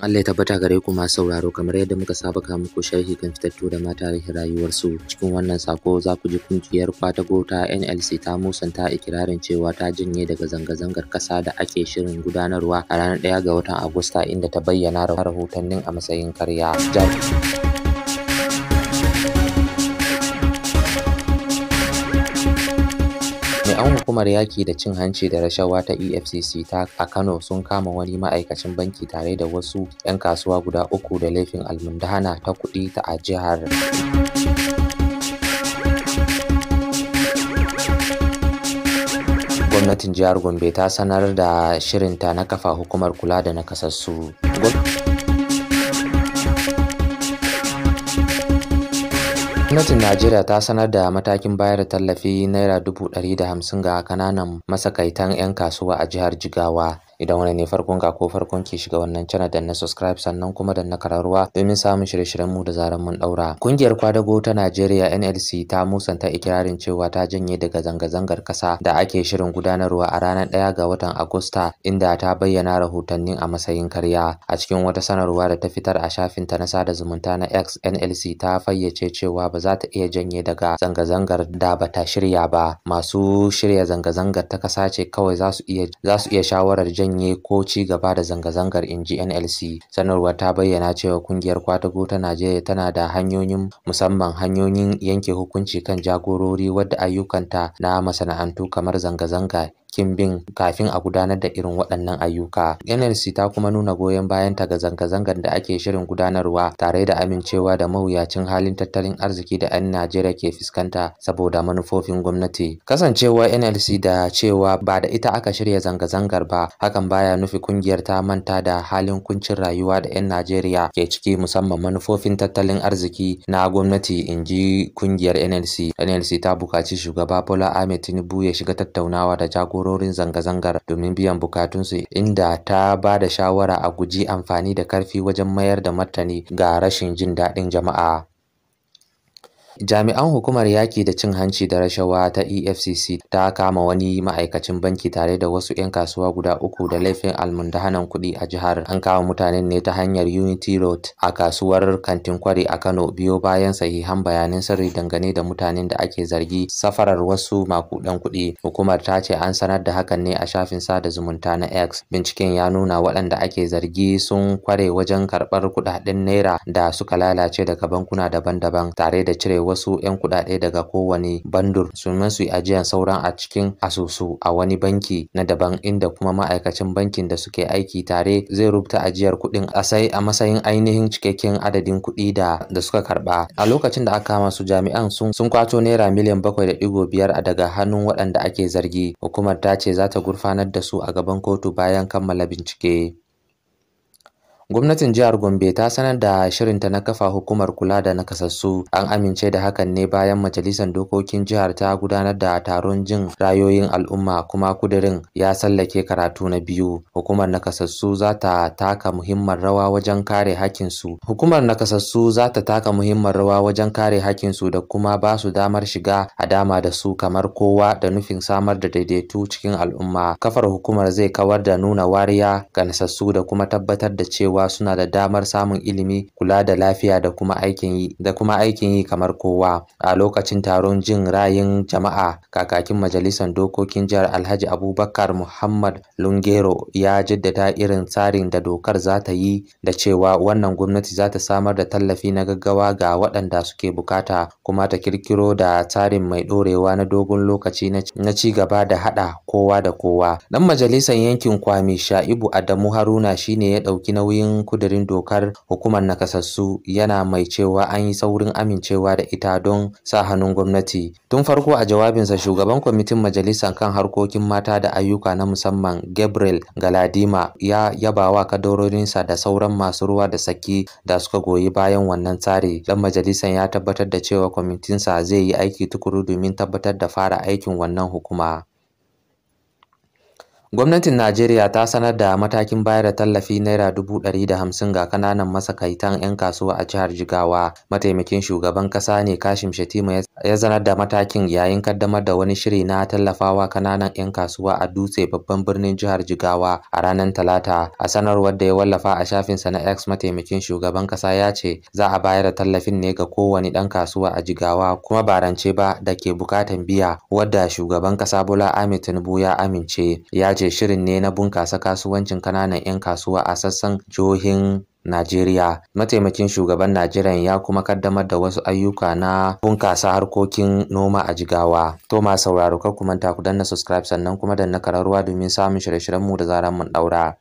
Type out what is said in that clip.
Allah ya tabbata gare ku masu sauraro kamar yadda muka saba ka muku sharhi kan fitattu da ma tarihin rayuwarsu cikin wannan sako za ku ji kungiyar kwatago ta NLC ta musanta ikirarin cewa ta janye daga zanga-zangar kasa da ake shirin gudanarwa a ranar 1 ga watan Agusta inda ta bayyana rahotannin a matsayin karya. 'Yan hukumar yaki da cin hanci da rashawa ta EFCC ta a Kano sun kama wani ma'aikacin banki tare da wasu 'yan kasuwa guda uku da laifin almundana ta kuɗi ta a jihar. Gwamnatin jihar Gombe ta sanar da shirinta na kafa hukumar kula da nakasassu. Gwamnatin Najeriya ta sanar da matakin bayar da tallafi Naira dubu ɗari da hamsin ga kananan masakaitan 'yan kasuwa a jihar Jigawa Idan wani ne farkon ka ko farkon ki shiga wannan channel dan na subscribe sannan kuma dan na kararuwa domin samun shirye-shiryen mu da zaran mun daura. Kungiyar kwadago ta Najeriya NLC ta musanta ikirarin cewa ta janye daga zanga-zangar kasa da ake shirin gudanarwa a ranar 1 ga watan Agusta inda ta bayyana rahotannin a matsayin karya. A cikin wata sanarwa da ta fitar a shafin ta na sada zumunta na X NLC ta fayyace cewa ba za ta iya janye daga zanga-zangar da ba ta shirya ba. Masu shirya zanga-zangar ta kasa ce kawai za su iya za su iya shawarar janye janye ko ci gaba da zanga-zangar inji NLC. Sanarwar ta bayyana cewa kungiyar kwatago ta Najeriya tana da hanyoyin musamman hanyoyin yanke hukunci kan jagorori wadda ayyukanta na masana'antu kamar zanga-zanga kimbin kafin a gudanar da irin waɗannan ayyuka. NLC ta kuma nuna goyon bayan ta ga zanga-zangar da ake shirin gudanarwa tare da amincewa da mawuyacin halin tattalin arziki da 'yan Najeriya ke fuskanta saboda manufofin gwamnati. Kasancewa NLC da cewa ba da ita aka shirya zanga-zangar ba hakan baya nufi kungiyar ta manta da halin kuncin rayuwa da 'yan Najeriya ke ciki musamman manufofin tattalin arziki na gwamnati inji kungiyar NLC. NLC ta bukaci shugaba Bola Ahmed Tinubu ya shiga tattaunawa da jagora jagororin zanga-zangar domin biyan bukatunsu inda ta ba da shawara a guji amfani da karfi wajen mayar da martani ga rashin jin daɗin jama'a. Jami'an hukumar yaƙi da cin hanci da rashawa ta EFCC ta kama wani ma'aikacin banki tare da wasu 'yan kasuwa guda uku da laifin almundahanan kuɗi a jihar. An kama mutanen ne ta hanyar Unity Road a kasuwar Kantin Kwari a Kano biyo bayan sahihan bayanin sirri dangane da mutanen da ake zargi safarar wasu makudan kuɗi. Hukumar ta ce an sanar da hakan ne a shafin sada zumunta na X. Binciken ya nuna waɗanda ake zargi sun kware wajen karɓar kuɗaɗen naira da suka lalace daga bankuna daban-daban tare da cirewa wasu 'yan kuɗaɗe daga kowane bandur domin su yi ajiyan sauran a cikin asusu a wani banki na daban inda kuma ma'aikacin bankin da suke aiki tare zai rubuta ajiyar kuɗin asai a matsayin ainihin cikakken adadin kuɗi da da suka karɓa. A lokacin da aka masu jami'an sun sun kwato naira miliyan bakwai da ɗigo biyar daga hannun waɗanda ake zargi. Hukumar ta ce za ta gurfanar da su a gaban kotu bayan kammala bincike. Gwamnatin jihar Gombe ta sanar da shirinta na kafa hukumar kula da nakasassu. An amince da hakan ne bayan majalisar dokokin jihar ta gudanar da taron jin rayoyin al'umma kuma kudirin ya sallake karatu na biyu. Hukumar nakasassu za ta taka muhimmin rawa wajen kare hakinsu. Hukumar nakasassu za ta taka muhimmin rawa wajen kare hakinsu da kuma ba su damar shiga a dama da su kamar kowa da nufin samar da daidaito cikin al'umma. Kafar hukumar zai kawar da nuna wariya ga nasassu da kuma tabbatar da cewa cewa suna da damar samun ilimi kula da lafiya da kuma aikin yi da kuma aikin yi kamar kowa a lokacin taron jin ra'ayin jama'a kakakin majalisar dokokin jihar alhaji abubakar muhammad lungero ya jaddada irin tsarin da dokar za ta yi da cewa wannan gwamnati za ta samar da tallafi na gaggawa ga waɗanda suke bukata kuma ta kirkiro da tsarin mai ɗorewa na dogon lokaci na ci gaba da haɗa kowa da kowa dan majalisar yankin kwame sha'ibu adamu haruna shine ya ɗauki nauyin sabon kudirin dokar hukumar nakasassu yana mai cewa an yi saurin amincewa da ita don sa hannun gwamnati tun farko a jawabinsa shugaban kwamitin majalisar kan harkokin mata da ayyuka na musamman gabriel galadima ya yabawa wa kadarorinsa da sauran masu ruwa da saki da suka goyi bayan wannan tsari dan majalisar ya tabbatar da cewa kwamitinsa zai yi aiki tukuru domin tabbatar da fara aikin wannan hukuma Gwamnatin Najeriya ta sanar da matakin bayar da tallafi Naira dubu ɗari da hamsin ga kananan masakaitan 'yan kasuwa a jihar Jigawa. Mataimakin shugaban ƙasa ne Kashim Shettima ya ya zanar da matakin yayin kaddamar da wani shiri na tallafawa kananan 'yan kasuwa a Dutse babban birnin jihar Jigawa a ranar Talata. A sanarwar da ya wallafa a shafinsa na X mataimakin shugaban kasa ya ce za a bayar da tallafin ne ga kowane ɗan kasuwa a Jigawa kuma ba rance ba da ke bukatan biya wadda shugaban kasa Bola Ahmed Tinubu ya amince. Ya ce shirin ne na bunkasa kasuwancin kananan 'yan kasuwa a sassan jihohin Najeriya. Mataimakin shugaban Najeriya ya kuma kaddamar da wasu ayyuka na bunkasa harkokin noma a Jigawa. To ma sauraro kar ku manta ku danna subscribe sannan kuma danna kararruwa domin samun shirye-shiryenmu da zaran mun daura.